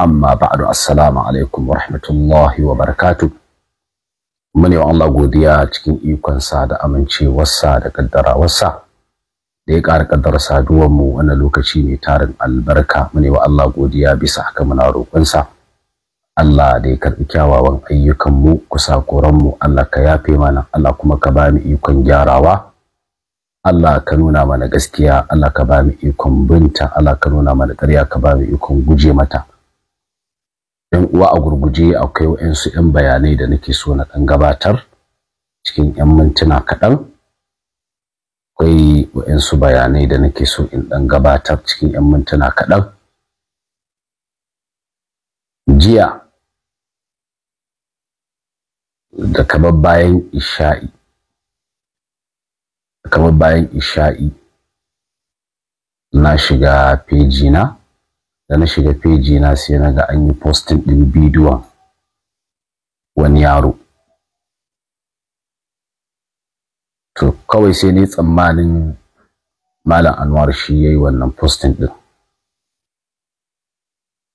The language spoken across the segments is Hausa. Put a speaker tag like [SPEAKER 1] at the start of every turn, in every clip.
[SPEAKER 1] amma ba'du assalamu alaikum wa rahmatullahi wa barakatu mune wa Allah godiya cikin ikonsa da amincewarsa da kaddarawarsa da ya ƙara kaddara saduwar mu wannan lokaci mai tarin albarka mune wa Allah godiya bisa haka muna roƙonsa Allah da ya karɓi kyawawan ayyukan mu kusa koran mu Allah ka yafe mana Allah kuma ka ba mu ikon gyarawa Allah ka nuna mana gaskiya Allah ka ba mu ikon binta Allah ka nuna mana ƙarya ka ba mu ikon guje mata yan uwa a gurguje akwai waɗansu 'yan bayanai da nake so na ɗan gabatar cikin 'yan mintuna kaɗan akwai waɗansu bayanai da nake so in ɗan gabatar cikin 'yan mintuna kaɗan jiya da kamar bayan isha'i kamar bayan isha'i na shiga na. da na shiga feji na sai na ga an yi postin ɗin bidiyon wani yaro to kawai sai ne tsammanin malam anwar shi ya yi wannan postin ɗin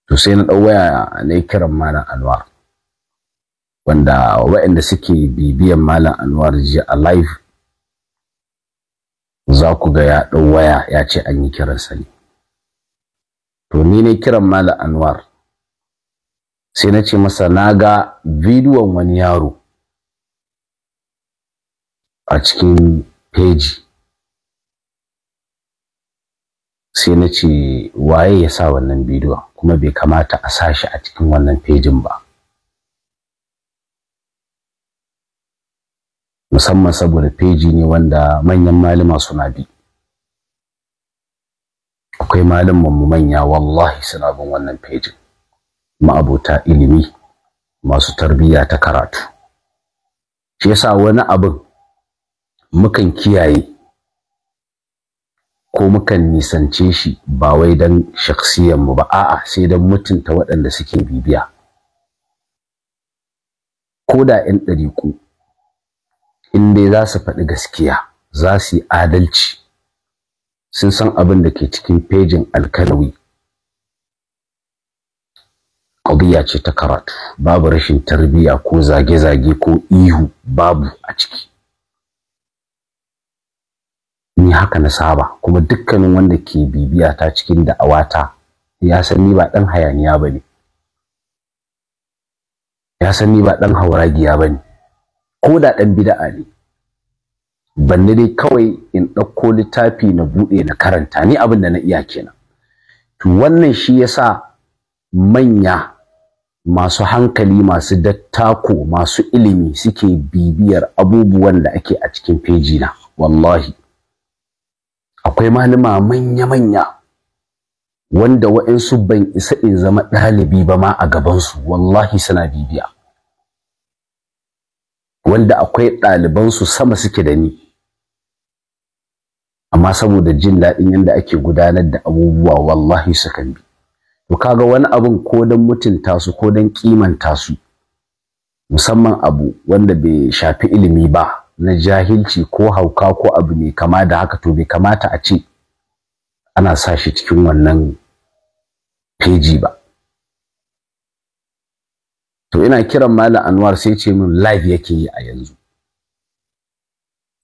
[SPEAKER 1] to sai na ɗau waya na kiran malam anwar wanda waɗanda suke bibiyan malam anwar ji a live za ku ga ya ɗau waya ya ce an yi kiransa ne. to ni ne kiran mala anwar sai na ce masa na ga bidiyon wani yaro a cikin peji sai na ce waye ya sa wannan bidiyon kuma bai kamata a sa shi a cikin wannan pejin ba musamman saboda peji ne wanda manyan malama suna bi akwai malaman mu manya wallahi suna bin wannan fejin ma'abota ilimi masu tarbiyya ta karatu shi yasa wani abin mukan kiyaye ko mukan nisance shi ba wai don mu ba a'a sai don mutunta waɗanda suke bibiya ko da 'yan ɗariƙu in dai za su faɗi gaskiya za su yi adalci sun san abin da ke cikin fejin alkalawi ƙabiya ce ta karatu babu rashin tarbiyya ko zage-zage ko ihu babu a ciki ni haka na saba kuma dukkanin wanda ke bibiya ta cikin da'awata ya san ni ba ɗan hayaniya ba ne ya san ni ba ɗan hauragiya ba ne ko da ɗan bida'a ne Banne dai kawai in ɗauko littafi na buɗe na karanta ni abin da na iya kenan to wannan shi yasa manya masu hankali masu dattako masu ilimi suke bibiyar abubuwan da ake a cikin feji na wallahi akwai malama manya-manya wanda wa'insu ban isa in zama ɗalibi ba ma a gabansu wallahi suna bibiya wanda akwai ɗalibansu sama suke da ni amma saboda jin daɗin yadda ake gudanar da abubuwa wallahi sukan bi to kaga wani abin ko don mutunta su ko don kimanta su musamman abu wanda bai shafi ilimi ba na jahilci ko hauka ko abu ne kama da haka to bai kamata a ce ana sa shi cikin wannan feji ba to ina kiran malam anwar sai ce min live yake yi a yanzu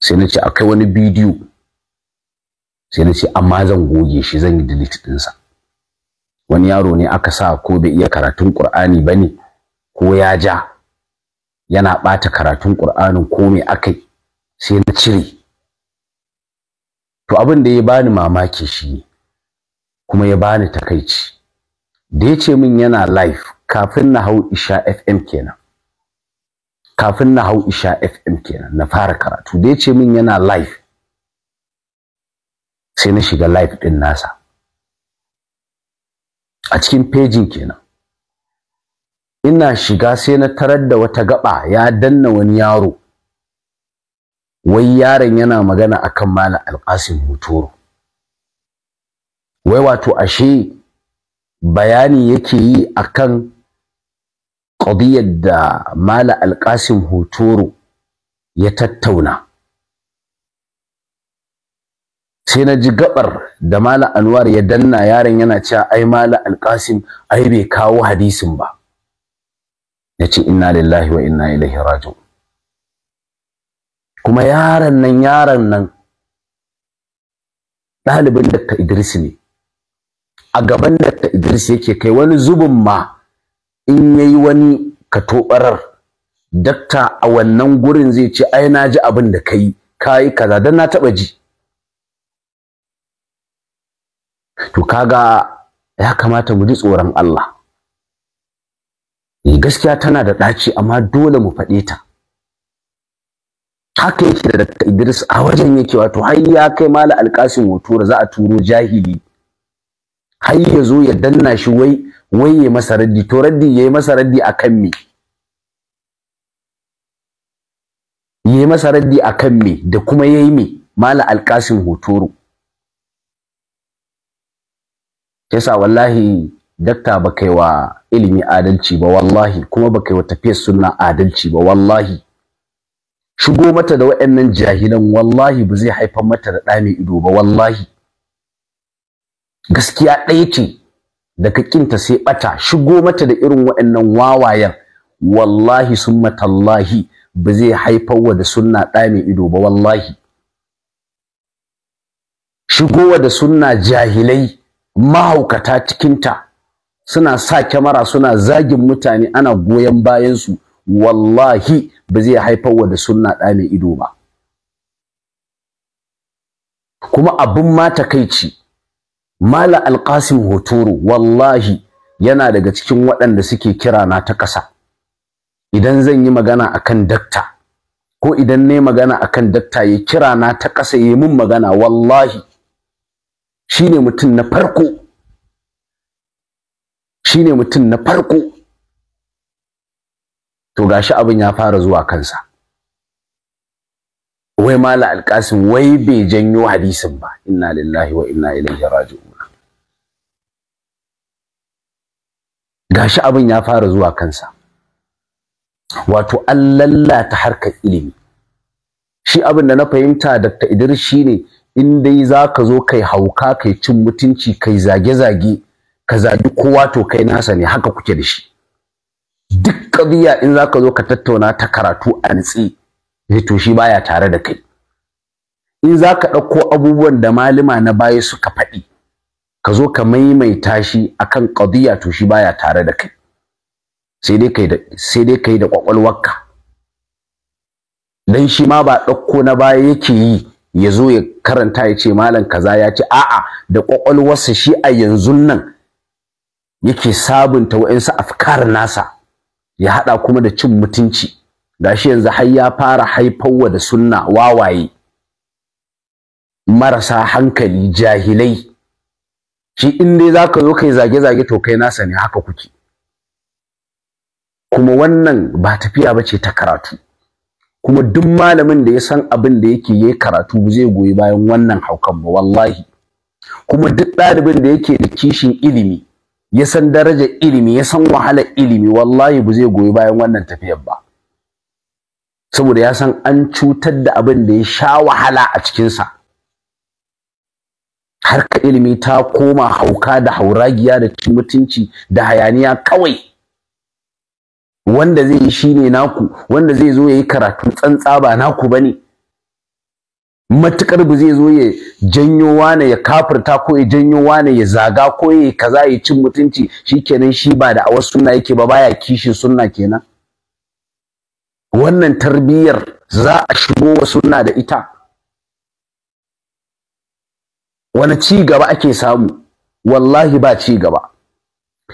[SPEAKER 1] sai na ce akwai wani bidiyo sai na ce amma zan goge shi zan yi delete ɗinsa wani yaro ne aka sa ko bai iya karatun qur'ani ba ne ko ya ja yana ɓata karatun ƙur'anin ko me aka yi sai na cire to abin da ya bani mamaki shi kuma ya bani takaici da ya ce min yana live kafin na hau isha fm kenan kafin na hau isha fm kenan na fara karatu da ya ce min yana live sai na shiga live ɗin nasa a cikin pejin kenan ina shiga sai na tarar da wata gaba ya danna wani yaro wai yaron yana magana akan malam alƙasim hutoro wai wato ashe bayani yake yi akan ƙadiyar da malam alƙasim hutoro ya tattauna sai na ji gabar da mala anwar ya danna yaron yana cewa ai mala alkasim ai bai kawo hadisin ba ya ce inna lillahi wa inna ilaihi raji'un kuma yaron nan yaron nan ɗalibin dakta idris ne a gaban dakta idris yake kai wani zubin ma in yayi wani katobarar dakta a wannan gurin zai ce ai na ji abin da kai kayi kaza dan na taɓa ji to kaga ya kamata mu ji tsoron Allah eh, gaskiya tana da ɗaci amma dole mu faɗe ta haka yake da Dr. Idris a wajen yake wato har ya kai mala alƙasin hoto za a turo jahili har ya zo ya danna shi wai wai ya masa raddi to raddi ya yi masa raddi a kan me ya yi masa raddi a kan me da kuma ya yi me mala alƙasin hotoro yasa wallahi dakta ba kai wa ilimi adalci ba wallahi kuma ba kai wa tafiyar sunna adalci ba wallahi shigo mata da waɗannan jahilan wallahi ba zai haifar mata da ɗa ido ba wallahi gaskiya ɗaya ce da ka kinta sai ɓata shigo mata da irin wayannan wawayen wallahi sun matallahi ba zai haifar wa da sunna ɗa ido ba wallahi shigowa da sunna jahilai mahaukata cikinta suna sa kyamara suna zagin mutane ana goyon bayansu wallahi ba zai haifar wa da sunna ɗa mai ido ba kuma abin ma takaici mala alƙasim hotoro wallahi yana daga cikin waɗanda suke kira na ta ƙasa idan zan yi magana akan dakta ko idan na yi magana akan dakta ya kira na ta ƙasa ya yi min magana wallahi shine mutum na farko shine mutum na farko to gashi abin ya fara zuwa kansa wai mala alkasim wai bai janyo hadisin ba inna lillahi wa inna ilaihi raji'un gashi abin ya fara zuwa kansa wato an lallata harkar ilimi shi abin da na fahimta Dr. Idris shine in dai za ka zo kai hauka kai cin mutunci kai zage-zage ka zagi kowa to kai nasa ne haka kuke da shi duk ƙabiya in za ka zo ka tattauna ta karatu a nitsi eh to shi baya tare da kai in za ka ɗauko abubuwan da malima na baya suka faɗi ka zo ka maimaita shi akan ƙabiya to shi baya tare da kai sai dai kai da sai dai kai da kwakwalwarka dan shi ma ba ɗauko na baya yake yi ya zo ya karanta ya ce malam kaza ya ce a'a da kwakwalwarsa shi a yanzu nan yake sabunta wa'insu afkar nasa ya haɗa kuma da cin mutunci shi yanzu har ya fara wa da sunna wawaye marasa hankali jahilai shi in dai zaka zo kai zage-zage to kai nasa ne haka kuke kuma wannan ba tafiya bace ta karatu kuma duk malamin da ya san abin da yake yayi karatu zai goyi bayan wannan haukan ba wallahi kuma duk ɗalibin da yake da kishin ilimi ya san darajar ilimi ya san wahalar ilimi wallahi ba zai goyi bayan wannan tafiyar ba saboda ya san an cutar da abin da ya sha wahala a cikinsa harka ilimi ta koma hauka da hauragiya da cin mutunci da hayaniya kawai wanda zai yi ne naku wanda zai zo ya yi karatu tsantsa ba naku ba ne. Matuƙar ba zai zo ya janyo wane ya kafirta ko ya janyo wane ya zaga ko ya kaza ya cin mutunci shi kenan shi ba da awas sunna yake ba baya kishin sunna kenan wannan tarbiyyar za a shigo wa sunna da ita wani ci gaba ake samu wallahi ba ci gaba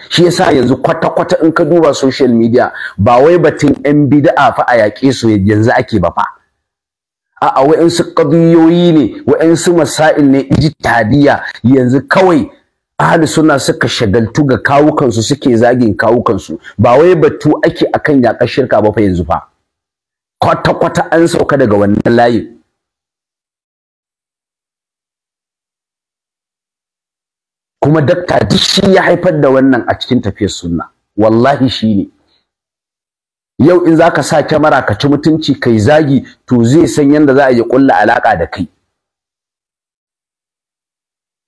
[SPEAKER 1] shi yasa yanzu kwata-kwata in ka duba social media ba wai batun yan bid'a fa a yaƙe su yanzu ake ba fa a'a wa'insu ƙabiyoyi ne wa'insu masail ne ijtihadiyya yanzu kawai ahli suna suka shagaltu ga kawukansu suke zagin kawukansu ba wai batu ake akan yaƙar shirka ba fa yanzu fa kwata-kwata an sauka daga wannan layin kuma dakta duk shi ya haifar da wannan a cikin tafiyar sunna wallahi shi ne yau in zaka sa kyamara ka ci mutunci kai zagi to zai san yadda za a yi kulla alaka da kai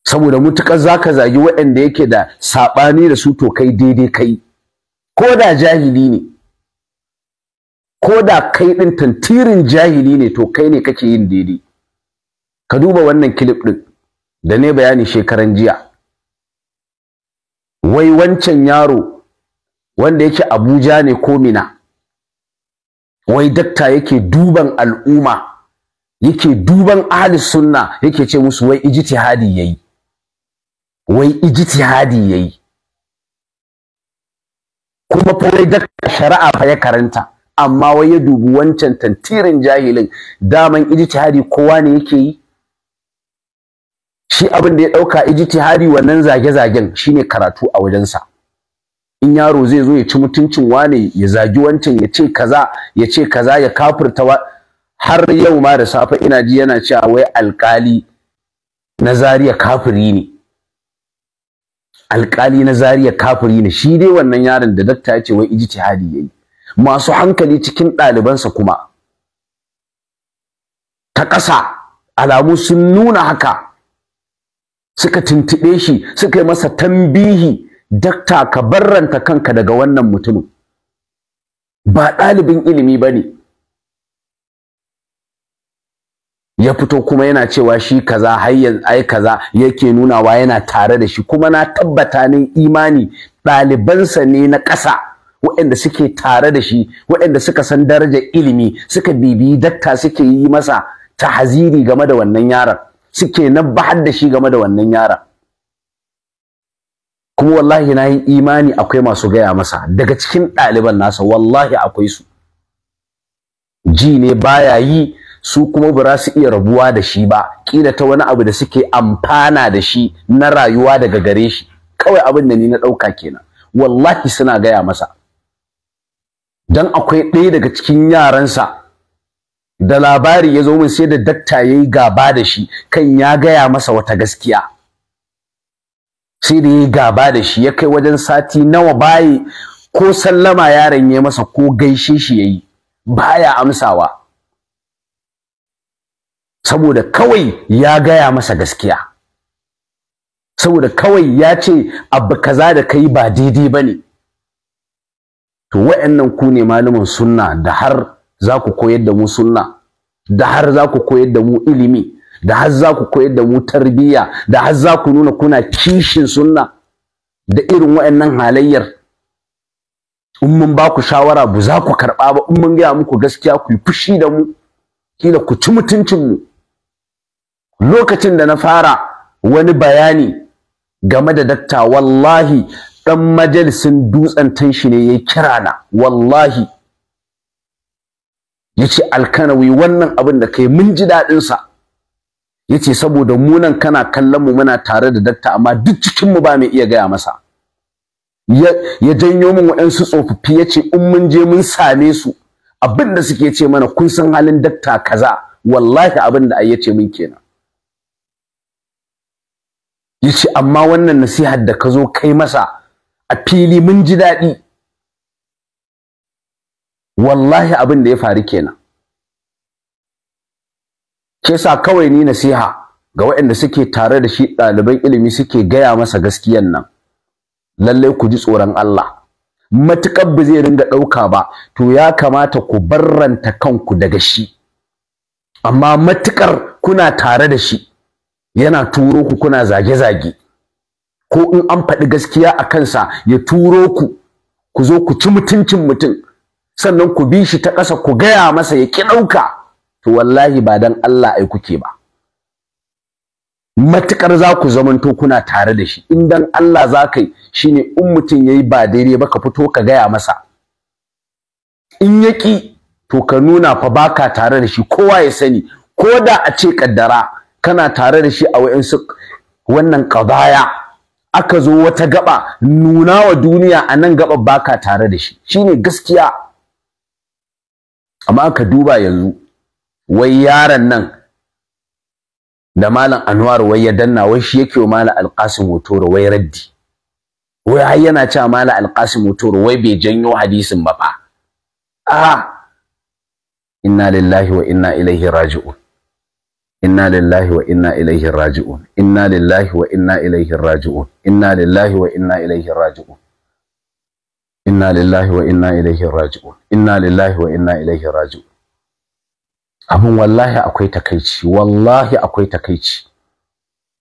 [SPEAKER 1] saboda mutukar zaka zagi waɗanda yake da saɓani da su to kai daidai kai ko da jahili ne ko da kai ɗin tantirin jahili ne to kai ne kake yin daidai ka duba wannan clip ɗin, da ne bayani shekaran jiya wai wancan yaro wanda yake Abuja ne ko Mina wai dakta yake duban al'umma yake duban ahli sunna yake ce musu wai ijtihadi yayi wai ijtihadi yayi kuma fa wai dakta shari'a fa ya karanta amma wai ya dubi wancan tantirin jahilin daman ijtihadi kowa ne yake yi shi abin da ya ɗauka ijtihadi wannan zage-zagen shine karatu a wajensa in yaro zai zo ya ci mutuncin wane ya zagi wancan ya ce kaza ya ce kaza ya kafirta har yau ma da safe ina ji yana cewa wai alkali na zariya kafiri ne alkali na zariya kafiri ne shi dai wannan yaron da dakta ya ce wai ijtihadi yayi masu hankali cikin ɗalibansa kuma ta ƙasa alamu sun nuna haka suka tuntube shi suka yi masa tambihi dakta ka barranta kanka daga wannan mutumin ba ɗalibin ilimi ba ne ya fito kuma yana cewa shi kaza har ai kaza yake nunawa yana tare da shi kuma na tabbata nin imani ɗalibansa ne na ƙasa waɗanda suke tare da shi waɗanda suka san darajar ilimi suka bibiyi dakta suke yi masa tahaziri game da wannan yaron suke na bahar da shi game da wannan yara kuma wallahi na yi imani akwai masu gaya masa daga cikin ɗaliban nasa wallahi akwai su ji ne baya yi su kuma ba za su iya rabuwa da shi ba kila ta wani abu da suke amfana da shi na rayuwa daga gare shi kawai abin da ni na ɗauka kenan wallahi suna gaya masa Don akwai ɗaya daga cikin yaransa da labari ya zo min sai da dakta ya yi gaba da shi kan ya gaya masa wata gaskiya sai da ya yi gaba da shi ya kai wajen sati nawa bayi ko sallama yaron ya masa ko gaishe shi ya yi baya amsawa saboda kawai ya gaya masa gaskiya saboda kawai ya ce abu kaza da kai ba daidai ba ne to wa'annan ku ne malaman sunna da har za ku koyar da mu sunna da har za ku koyar da mu ilimi da har za ku koyar da mu tarbiyya da har za ku nuna kuna kishin sunna da irin wa'annan halayyar in mun ba ku shawara bu za ku karɓa ba in mun gaya muku gaskiya ku yi fushi da mu kila ku ci mutuncin mu lokacin da na fara wani bayani game da dakta wallahi dan majalisin dutsen tanshi ne ya kira na wallahi yace alkanawi wannan abin da kai mun ji dadin sa yace saboda munan kana kallon mu muna tare da dakta amma duk cikin mu ba mai iya gaya masa ya janyo min waɗansu tsofaffi yace in mun je mun same su abin da suke ce mana kun san halin dakta kaza wallahi abin da ai yace min kenan yace amma wannan nasihar da ka zo kai masa a fili mun ji daɗi wallahi abin da ya faru kenan ke sa kawai ni nasiha ga waɗanda suke tare da shi ɗaliban ilimi suke gaya masa gaskiyan nan lallai ku ji tsoron Allah matuƙar ba zai ringa ɗauka ba to ya kamata ku barranta kanku daga shi amma matuƙar kuna tare da shi yana turo ku kuna zage-zage ko in an faɗi gaskiya a kansa ya turo ku ku zo ku ci mutuncin mutum sannan ku bi shi ta ƙasa ku gaya masa ya ki ɗauka to wallahi ba dan Allah ai kuke ba matukar za ku zamanto kuna tare da shi in dan Allah za ka yi shine in mutum yayi ba daidai ba ka fito ka gaya masa in ya ki to ka nuna fa baka tare da shi kowa ya sani ko da a ce ƙaddara kana tare da shi a wayansu wannan qadaya aka zo wata gaba nuna wa duniya a nan gaba baka tare da shi shine gaskiya amma ka duba yanzu wai yaron nan da malam Anwar wai ya danna wai shi yake wa malam Alqasim Motoro wai raddi wai har yana cewa malam Alqasim Motoro wai bai janyo hadisin ba fa a inna lillahi wa inna ilaihi raji'un inna lillahi wa inna ilaihi raji'un inna lillahi wa inna ilaihi raji'un inna lillahi wa inna ilaihi raji'un inna lillahi wa inna ilaihi raji'un inna lillahi wa inna ilaihi raji'un abin wallahi akwai takaici wallahi akwai takaici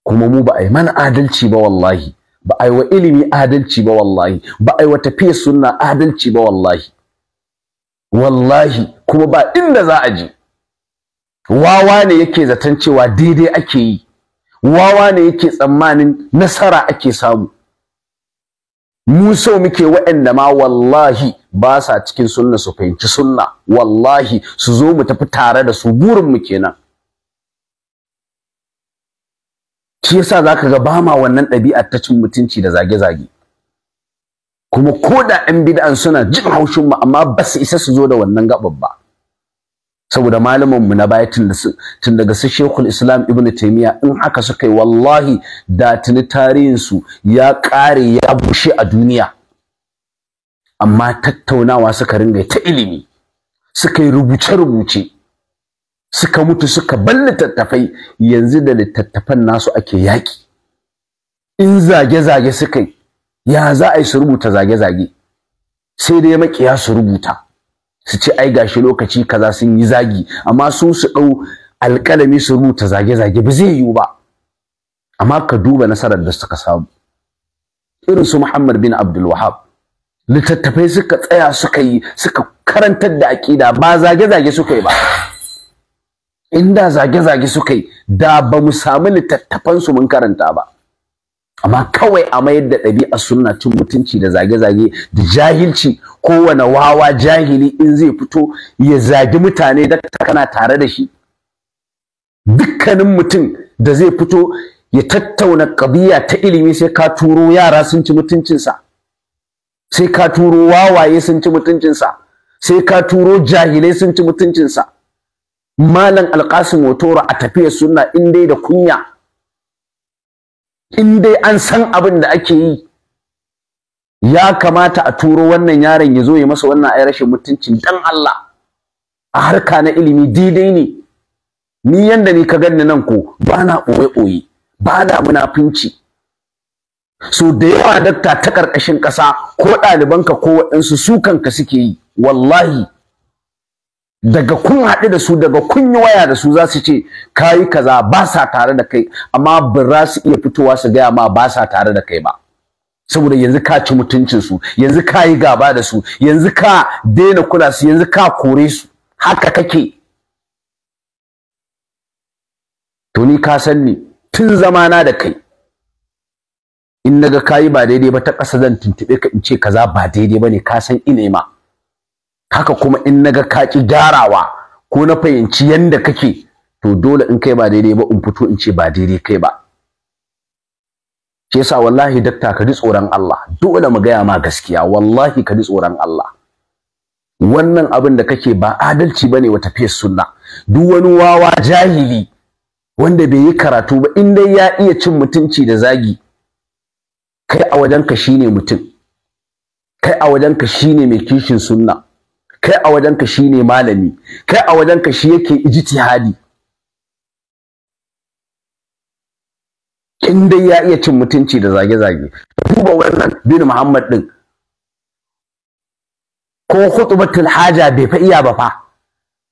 [SPEAKER 1] kuma mu ba a yi mana adalci ba wallahi ba a yi wa ilimi adalci ba wallahi ba a yi wa tafiya sunna adalci ba wallahi wallahi kuma ba inda za a je wawa ne yake zaton cewa daidai ake yi wawa ne yake tsammanin nasara ake samu mu so muke waɗanda ma wallahi basa sa cikin sunna su fahimci sunna wallahi su zo mu tafi tare da su burin mu kenan shi yasa zaka ga ba ma wannan ɗabi'a ta cin mutunci da zage-zage kuma ko da 'yan bid'an suna jin haushin mu amma ba su isa su zo da wannan gaɓar ba saboda malamin mu na baya tun daga su Sheikhul Islam Ibn taimiya in haka suka yi wallahi da tuni tarihin ya kare ya bushe a duniya amma tattaunawa suka ringa ta ilimi suka yi rubuce rubuce suka mutu suka bar littattafai yanzu da littattafan nasu ake yaƙi. in zage zage suka yi ya za a yi su rubuta zage zage sai dai maƙiya su rubuta su ce ai gashi lokaci kaza sun yi zagi amma su su dau alƙalami su rubuta zage-zage ba zai yiwu ba amma ka duba nasarar da suka samu irin su Muhammad bin Abdul Wahab littattafai suka tsaya suka yi suka karantar da aƙida ba zage-zage suka yi ba inda zage-zage suka yi da ba mu samu littattafansu mun karanta ba amma kawai a mayar da ɗabi'a sunna cin mutunci da zage-zage da jahilci kowane wawa jahili in zai fito ya zagi mutane da kana tare da shi dukkanin mutum da zai fito ya tattauna ƙabiya ta ilimi sai ka turo yara sun ci mutuncinsa sai ka turo wawaye sun ci mutuncinsa sai ka turo jahilai sun ci mutuncinsa malam alƙasim wotoro a tafiyar sunna in dai da kunya in dai an san abin da ake yi ya kamata a turo wannan yaron ya zo ya masa wannan ai rashin mutuncin dan Allah a harka na ilimi daidai ne ni yanda ni ka ganni nan ko ba na ɓoye-ɓoye ba da munafunci so da yawa dakta ta ƙarƙashin ƙasa ko ɗalibanka ko waɗansu su kanka suke yi wallahi daga kun haɗu da su daga kun yi waya da su za su ce kayi kaza ba sa tare da kai amma ba za su iya fitowa su gaya ma ba sa tare da kai ba saboda yanzu ka ci mutuncin su yanzu ka yi gaba da su yanzu ka daina kula su yanzu ka kore su haka kake to ni ka san ni tun zamana da kai in naga kayi ba daidai ba ta ƙasa zan tuntuɓe ka in ce kaza ba daidai ba ne ka san ina ma haka kuma in naga ka ki gyarawa ko na fahimci yanda kake to dole in kai ba daidai ba in fito in ce ba daidai kai ba Ke sa wallahi dakta ka ji tsoron Allah dole mu gaya ma gaskiya wallahi ka ji tsoron Allah wannan abin da kake ba adalci bane wa tafiyar sunna duk wani wawa jahili wanda bai yi karatu ba in dai ya iya cin mutunci da zagi kai a wajenka shine mutum kai a wajenka shine mai kishin sunna kai a wajenka shi ne malami kai a wajenka shi yake ijtihadi in dai ya iya cin mutunci da zage-zage duba wannan bin muhammad din ko khutbatul haja bai fa iya ba fa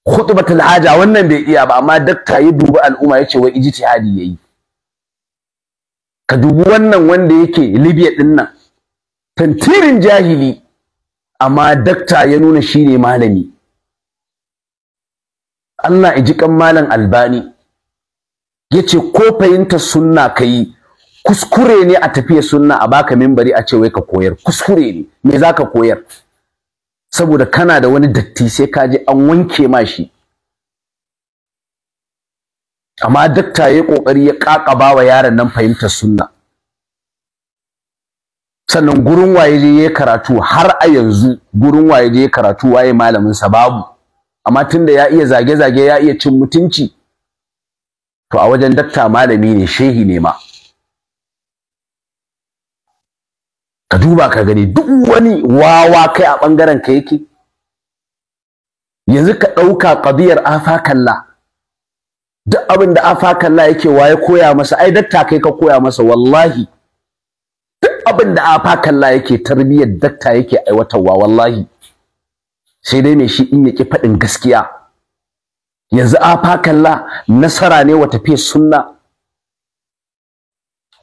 [SPEAKER 1] khutbatul haja wannan bai iya ba amma dakta ya dubi al'umma yace wai ijtihadi yayi ka dubi wannan wanda yake libya din nan tantirin jahili amma dakta ya nuna shi ne malami Allah ya ji kan malam albani ya ce ko fahimtar sunna ka yi kuskure ne a tafiya sunna a baka mimbari a ce wai ka koyar kuskure ne me za ka koyar saboda kana da wani datti sai ka ji an wanke ma shi amma dakta ya yi ƙoƙari ya kakaba wa yaron nan fahimtar sunna sannan gurin waye ne ya karatu har a yanzu gurin waye ne ya karatu waye malamin sa babu amma tunda ya iya zage zage ya iya cin mutunci to a wajen dakta malami ne shehi ne ma ka duba ka gani duk wani wawa kai a bangaren ka yake yanzu ka ɗauka ƙadiyar afakalla duk abin da afakalla yake waye koya masa ai dakta kai ka koya masa wallahi abin da afa kalla yake tarbiyyar dakta yake aiwatarwa wallahi sai dai mai shi in yake faɗin gaskiya yanzu afa kalla nasara ne wa tafiyar sunna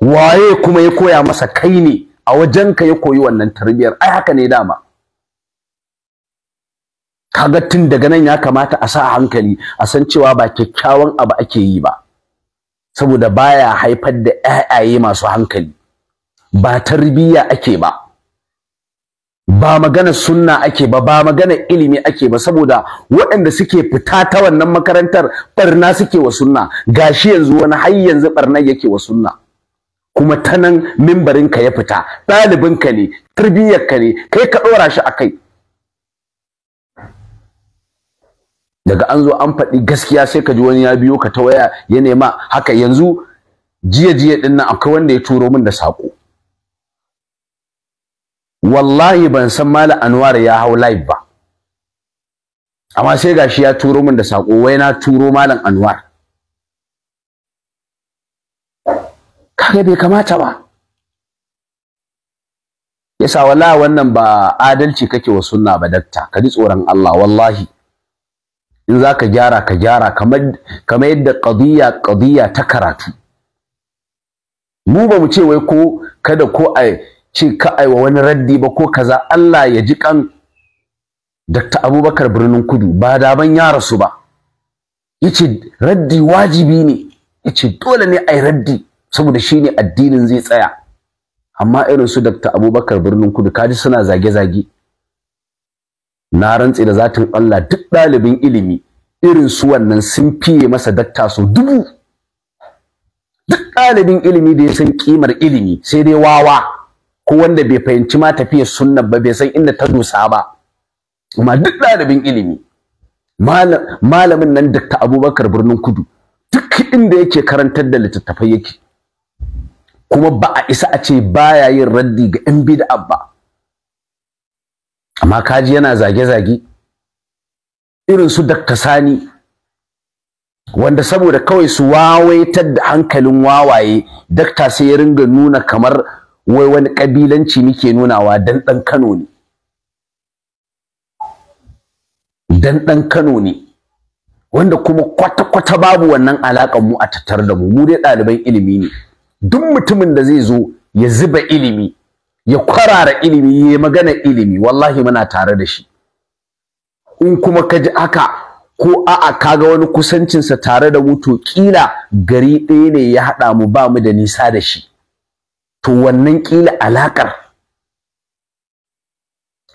[SPEAKER 1] waye kuma ya koya masa kai ne a ka ya koyi wannan tarbiyyar ai haka ne dama kaga tun daga nan ya kamata a sa hankali a san cewa ba kyakkyawan abu ake yi ba saboda baya haifar da ƴaƴaye masu hankali ba tarbiyya ake ba ba magana sunna ake ba ba magana ilimi ake ba saboda waɗanda suke fita ta wannan makarantar barna suke wa sunna gashi yanzu wani har yanzu barna yake wa sunna kuma ta nan mimbarinka ya fita ɗalibinka ne tarbiyyarka ne kai ka ɗora shi a kai daga an zo an faɗi gaskiya sai ka ji wani ya biyo ka ta waya ya nema haka yanzu jiya jiya ɗin akwai wanda ya turo min da sako. wallahi ban san mala anwar ya hau live ba amma sai gashi ya turo min da sako wai na turo malam anwar kaga bai kamata ba yasa wallahi wannan ba adalci kake wa sunna ba dakta ka ji tsoron Allah wallahi in za ka gyara ka gyara kamar kamar yadda qadiya qadiya ta karatu mu ba mu ce wai ko kada ko a ce ka aiwa wani raddi ba ko kaza Allah ya ji kan Dr. Abubakar Birnin Kudu ba da ban ya rasu ba yace raddi wajibi ne yace dole ne ai raddi saboda shine addinin zai tsaya amma irin su Dr. Abubakar Birnin Kudu kaji suna zage-zage na rantsi da zatin Allah duk ɗalibin ilimi irin su wannan sun fiye masa dakta su dubu duk ɗalibin ilimi da ya san ƙimar ilimi sai dai wawa ko wanda bai fahimci ma tafiyar sunnan ba bai san inda ta dosa ba amma duk ɗalibin ilimi malamin nan Dr. Abubakar Birnin Kudu duk inda yake karantar da littattafai yake kuma ba a isa a ce baya yin raddi ga 'yan bid'a ba amma kaji yana zage-zage irin su Dr. Sani wanda saboda kawai su wawaitar da hankalin wawaye dakta sai ya ringa nuna kamar wai wani ƙabilanci muke nunawa dan ɗan Kano ne dan ɗan Kano ne wanda kuma kwata-kwata babu wannan alaƙar mu a tattar da mu mu dai ɗaliban ilimi ne duk mutumin da zai zo ya zuba ilimi ya kwarara ilimi ya magana ilimi wallahi muna tare da shi in kuma ka ji haka ko a'a kaga wani kusancinsa tare da mu to kila gari ɗaya ne ya haɗa mu ba mu da nisa da shi to wannan kila alaƙar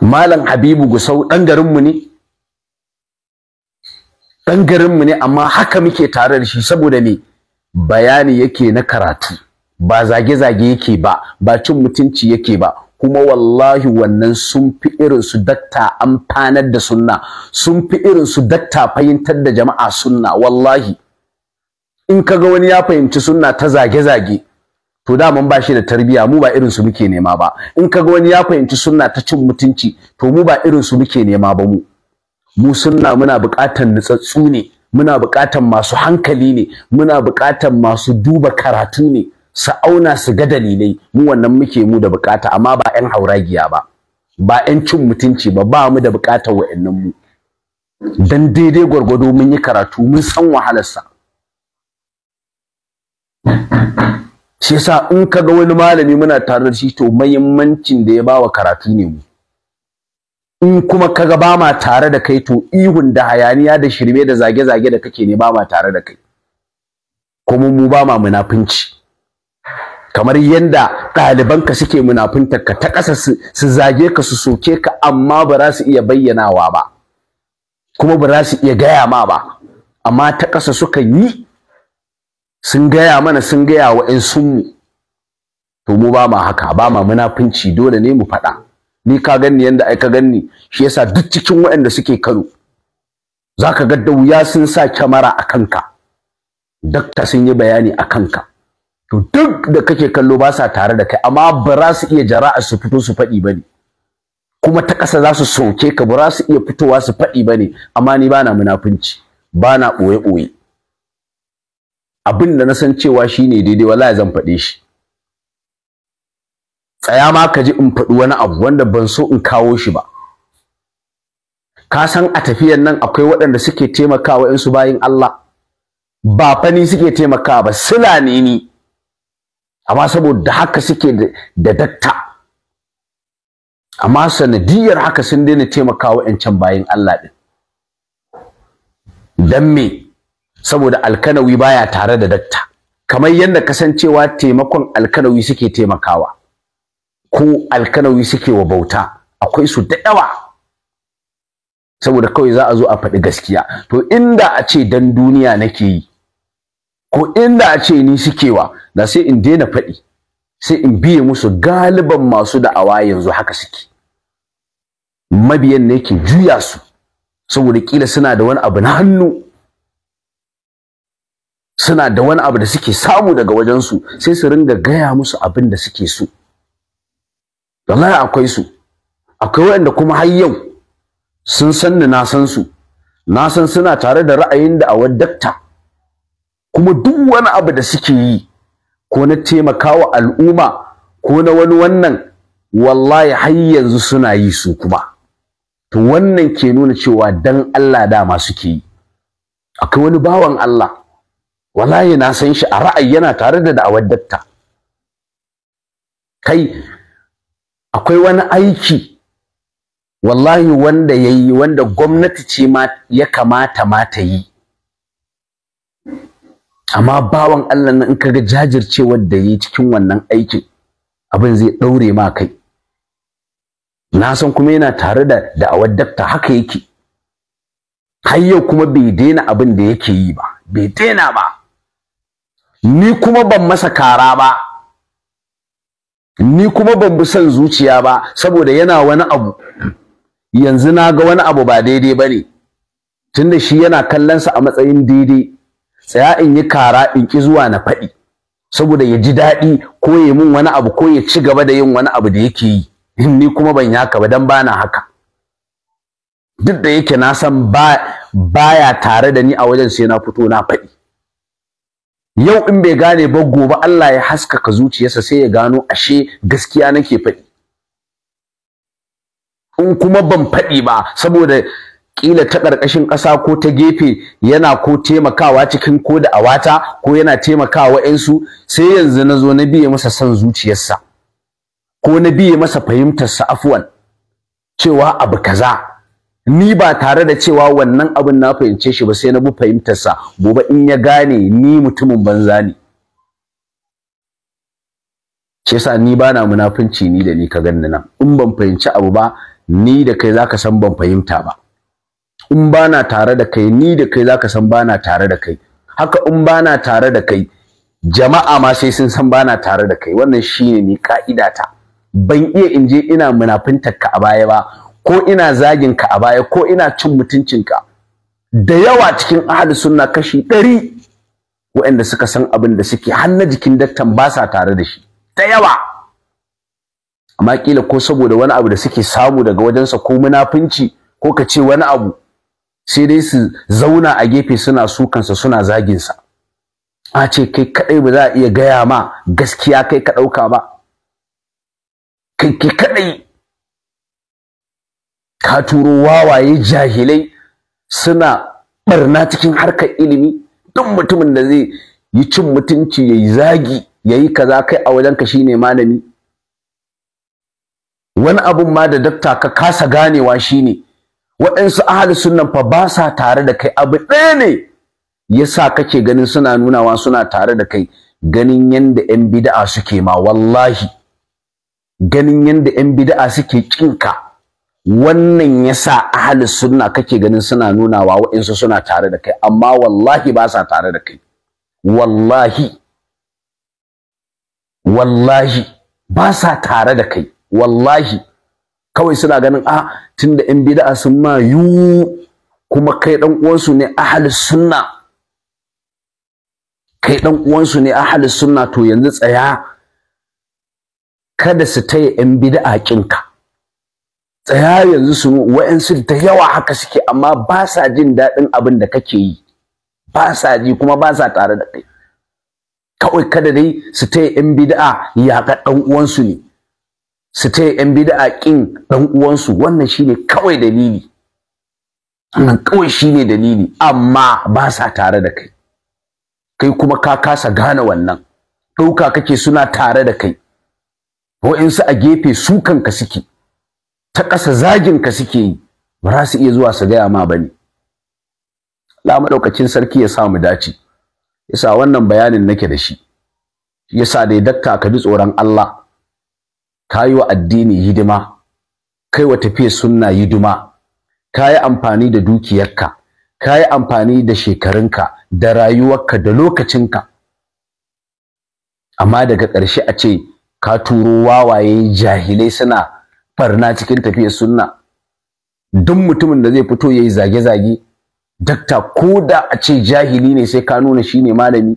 [SPEAKER 1] malam habibu gusau ɗan garinmu ne ɗan garinmu ne amma haka muke tare da shi saboda me bayani yake na karatu ba zage-zage yake ba ba cin mutunci yake ba kuma wallahi wannan sun fi irin su dakta amfanar da sunna sun fi irin su dakta fahimtar da jama'a sunna wallahi in kaga wani ya fahimci sunna ta zage-zage to da mun ba shi da tarbiya mu ba irin su muke nema ba in kaga wani ya fahimci sunna ta cin mutunci to mu ba irin su muke nema ba mu mu sunna muna buƙatar nutsatsu ne muna buƙatar masu hankali ne muna buƙatar masu duba karatu ne su auna su ga dalilai mu wannan muke mu da buƙata amma ba 'yan hauragiya ba ba 'yan cin mutunci ba ba mu da buƙatar wa'annan mu dan daidai gwargwado mun yi karatu mun san wahalarsa shi yasa in ka ga wani malami muna tare da shi to muhimmancin da ya bawa karatu ne mu in kuma ka ga ba ma tare da kai to ihun da hayaniya da shirme da zage-zage da kake ne ba ma tare da kai kuma mu ba ma munafunci kamar yadda ɗalibanka suke munafuntar ka ta ƙasa su zage ka su soke ka amma ba za su iya bayyanawa ba kuma ba za su iya gaya ma ba amma ta ƙasa sukan yi sun gaya mana sun gaya wa ƴan sunmu to mu ba ma haka ba ma munafunci dole ne mu faɗa ni ka ganni yanda ai ka ganni shi yasa duk cikin waɗanda suke Kano zaka ga da wuya sun sa kyamara a kanka dakta sun yi bayani a kanka to duk da kake kallo ba sa tare da kai amma ba za su iya jara'a su fito su faɗi ba ne kuma ta ƙasa za su soke ka ba za su iya fitowa su faɗi ba ne amma ni ba na munafunci ba na ɓoye-ɓoye abin da na san cewa shi ne daidai wallahi zan faɗe shi tsaya ma ka ji in faɗi wani abu wanda ban so in kawo shi ba ka san a tafiyan nan akwai waɗanda suke taimakawa in su bayin Allah ba fa ni suke taimakawa ba sila ne ni amma saboda haka suke da datta amma sanadiyar haka sun daina taimakawa 'yancan bayin Allah ɗin don me saboda alkanawi baya tare da dakta kamar yadda kasancewa taimakon alkanawi suke taimakawa ko alkanawi suke wa bauta akwai su da yawa saboda kawai za a zo a faɗi gaskiya to inda a ce dan duniya nake yi ko inda a ce ni sukewa na sai in daina faɗi sai in biye musu galiban masu da'awa yanzu haka suke mabiyan ne ke juya su saboda kila suna da wani abu na hannu suna da wani abu da suke samu daga wajensu sai su ringa gaya musu abin da suke so wallahi akwai su akwai wanda kuma har yau sun san ni na san su na san suna tare da ra'ayin da a dakta kuma duk wani abu da suke yi ko na taimakawa al'umma ko na wani wannan wallahi har yanzu suna yi su kuma to wannan ke nuna cewa dan Allah dama suke yi akwai wani bawan Allah wallahi na san shi a ra'ayi yana tare da da'awar dakta kai akwai wani aiki wallahi wanda yayi wanda gwamnati ce ma ya kamata ma ta yi amma bawan Allah nan in kaga jajircewar da yi cikin wannan aikin abin zai daure ma kai na san kuma yana tare da da'awar dakta haka yake har yau kuma bai daina abin da yake yi ba bai daina ba ni kuma ban masa kara ba ni kuma ban bi son zuciya ba saboda yana wani abu yanzu na ga wani abu ba daidai ba ne tunda shi yana kallon sa a matsayin daidai tsaya in yi kara in ki zuwa na faɗi saboda ya ji daɗi ko ya min wani abu ko ya ci gaba da yin wani abu da yake yi ni kuma ban yaka ba dan bana haka duk da yake na san ba baya tare da ni a wajen sai na fito na faɗi yau in bai gane ba gobe Allah ya haskaka zuciyarsa sai ya gano ashe gaskiya nake faɗi in kuma ban faɗi ba saboda kila ta ƙarƙashin ƙasa ko ta gefe yana ko taimakawa cikin ko da awata ko yana taimakawa wayansu sai yanzu na zo na biye masa son zuciyarsa ko na biye masa fahimtarsa afuwan cewa abu kaza ni ba tare da cewa wannan abin na fahimce shi ba sai na bi fahimtarsa gobe in ya gane ni mutumin banza ne shi yasa ni ba na munafunci ni da ni ka ganni nan in ban fahimci abu ba ni da kai zaka san ban fahimta ba in ba na tare da kai ni da kai zaka san ba na tare da kai haka in ba na tare da kai jama'a ma sai sun san ba na tare da kai wannan shine ni ka'idata ban iya in je ina munafuntar ka a baya ba ko ina zagin ka a baya ko ina cin mutuncinka da yawa cikin ahli sunna kashi ɗari waɗanda suka san abin da suke har jikin dattan ba sa tare da shi da yawa amma kila ko saboda wani abu da suke samu daga wajensa ko munafunci ko ka ce wani abu sai dai su zauna a gefe suna sukansa suna zaginsa a ce kai kaɗai ba za a iya gaya ma gaskiya kai ka ɗauka ba kai kai kadai ka turo wawaye jahilai suna barna cikin harkar ilimi duk mutumin da zai yi cin mutunci ya yi zagi ya yi kaza kai a wajenka shine malami wani abun ma da dakta ka kasa ganewa shine waɗansu ahli sunnan fa ba sa tare da kai abu ɗaya ne yasa kake ganin suna nunawa suna tare da kai ganin yanda 'yan bidaa suke ma wallahi ganin yadda 'yan bidaa suke kinka wannan yasa ahli sunna kake ganin suna nunawa wa'insu suna tare da kai amma wallahi ba sa tare da kai wallahi wallahi ba sa tare da kai wallahi kawai suna ganin a ah, tunda in bid'a sun ma yu kuma kai dan uwansu ne ahli sunna kai dan uwansu ne ahli sunna to yanzu tsaya kada su taya yan bid'a kinka tsaya yanzu su wa'ansu da yawa haka suke amma ba sa jin daɗin abin da kake yi ba sa ji kuma ba sa tare da kai kawai kada dai su ta yi yan bid'a yaƙa ɗan uwansu ne su ta yi yan bid'a ƙin ɗan uwansu wannan shine kawai dalili wannan kawai shine dalili amma ba sa tare da kai kai kuma ka kasa gane wannan ɗauka kake suna tare da kai wayansu a gefe su kanka suke ta ƙasa zagin ka suke yi ba za su iya zuwa su gaya ma ba ne Allah madaukakin sarki ya sa mu dace yasa wannan bayanin nake da shi yasa dai dakka ka ji tsoron Allah Ka yi wa addini hidima kai wa tafiya sunna hidima kayi amfani da dukiyarka kayi amfani da shekarunka da rayuwarka da lokacinka amma daga ƙarshe a ce ka turo wawaye jahilai suna barna cikin tafiyar sunna duk mutumin da zai fito yayi zage-zage dakta ko da a ce jahili ne sai ka nuna shine malami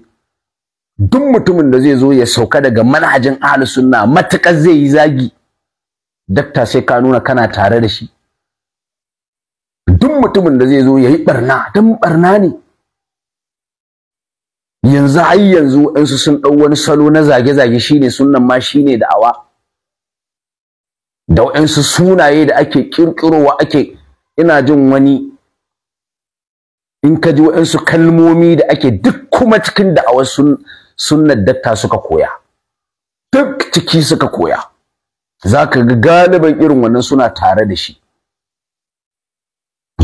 [SPEAKER 1] duk mutumin da zai zo ya sauka daga manhajin ahlus sunna matakar zai yi zagi dakta sai ka nuna kana tare da shi duk mutumin da zai zo yayi barna dan barna ne yanzu har yanzu su sun ɗau wani salo na zage-zage shine sunnan ma shine da'awa da waɗansu sunaye da ake ƙirƙirowa ake ina jin wani in ka ji waɗansu kalmomi da ake duk kuma cikin da'awar sunnar datta suka koya duk ciki suka koya za ka ga galiban irin wannan suna tare da shi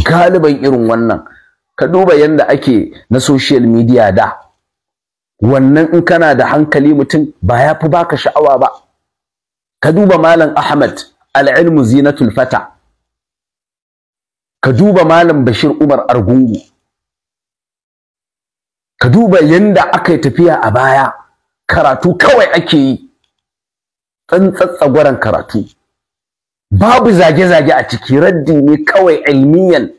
[SPEAKER 1] galiban irin wannan ka duba yadda ake na social media da wannan in kana da hankali mutum ba ya fi baka sha'awa ba ka duba malam ahmad al'ilmu zinatul fata ka duba malam bashir umar argungu ka duba yanda aka yi tafiya a baya karatu kawai ake yi tsantsatsagwaran karatu babu zage-zage a ciki raddi ne kawai ilmiyan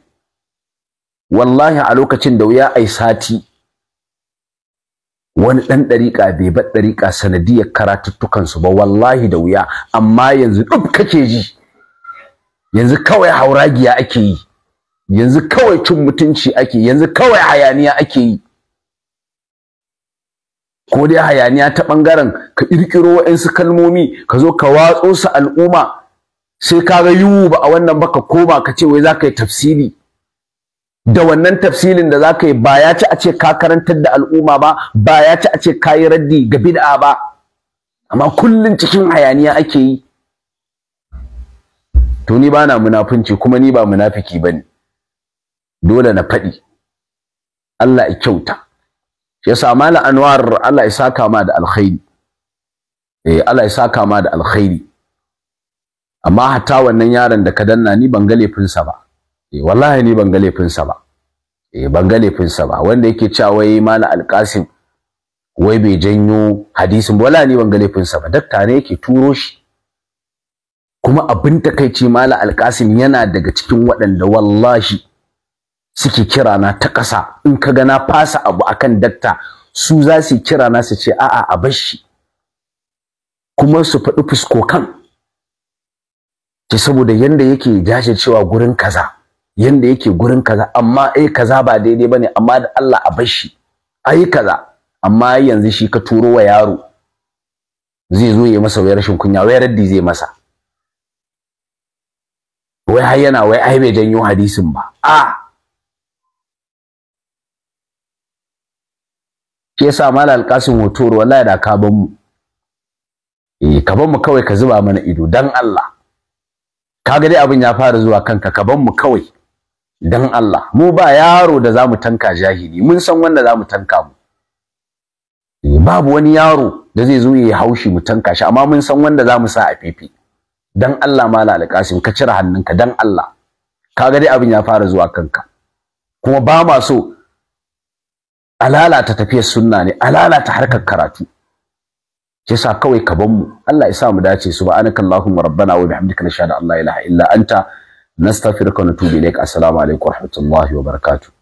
[SPEAKER 1] wallahi a lokacin da wuya ayi sati wani ɗan ɗariƙa bai bar ɗariƙa sanadiyar karatuttukansu ba wallahi da wuya amma yanzu duk kake ji yanzu kawai hauragiya ake yi yanzu kawai cin mutunci ake yanzu kawai hayaniya ake yi ko dai hayaniya ta ɓangaren ka ƙirƙiro waɗansu kalmomi ka zo ka watso su al'umma sai ka ga yiwu ba a wannan ba ka koma ka ce wai za ka yi tafsiri da wannan tafsilin da za ka yi ba ya ci a ce ka karantar da al'umma ba ba ya ci a ce ka yi raddi ga bid'a ba amma kullum cikin hayaniya ake yi to ni ba na munafunci kuma ni ba munafiki ba ne dole na faɗi Allah ya kyauta ya sa mala anwar Allah ya saka ma da alkhairi eh Allah ya saka ma da alkhairi amma hatta wannan yaron da ka danna ni ban ga laifinsa ba eh wallahi ni ban ga laifinsa ba eh ban ga laifinsa ba wanda yake cewa wai mala alqasim wai bai janyo hadisin ba wallahi ni ban ga laifinsa ba dakta ne yake turo shi kuma abin takaici mala alqasim yana daga cikin waɗanda wallahi suke kira na ta ƙasa in ka ga na fasa abu akan dakta su za su kira na su ce a'a a bar shi kuma su faɗi fuskokan ce saboda yanda yake jajircewa gurin kaza yanda yake gurin kaza amma eh kaza ba daidai bane amma da Allah a bar shi ai kaza amma yanzu shi ka turo wa yaro zai zo ya masa wai rashin kunya wai raddi zai masa wai har yana wai ai bai janyo hadisin ba a ke yasa malal alqasim hotoro wallahi da ka ban mu eh ka ban mu kawai ka zuba mana ido dan Allah ga dai abin ya fara zuwa kanka ka ban mu kawai dan Allah mu ba yaro da zamu tanka jahili mun san wanda zamu tanka mu eh, babu wani yaro da zai zo yayi haushi mu tanka shi amma mun san wanda zamu sa a fifi dan Allah mala alƙasim ka cire hannunka dan Allah kaga dai abin ya fara zuwa kanka kuma ba ma so alalata tafiyar sunna ne ta harkar karatu yasa kawai ka bar mu Allah ya sa mu dace subhanakallahumma rabbana wa bihamdika nashhadu an la ilaha illa anta نستغفرك ونتوب إليك السلام عليكم ورحمة الله وبركاته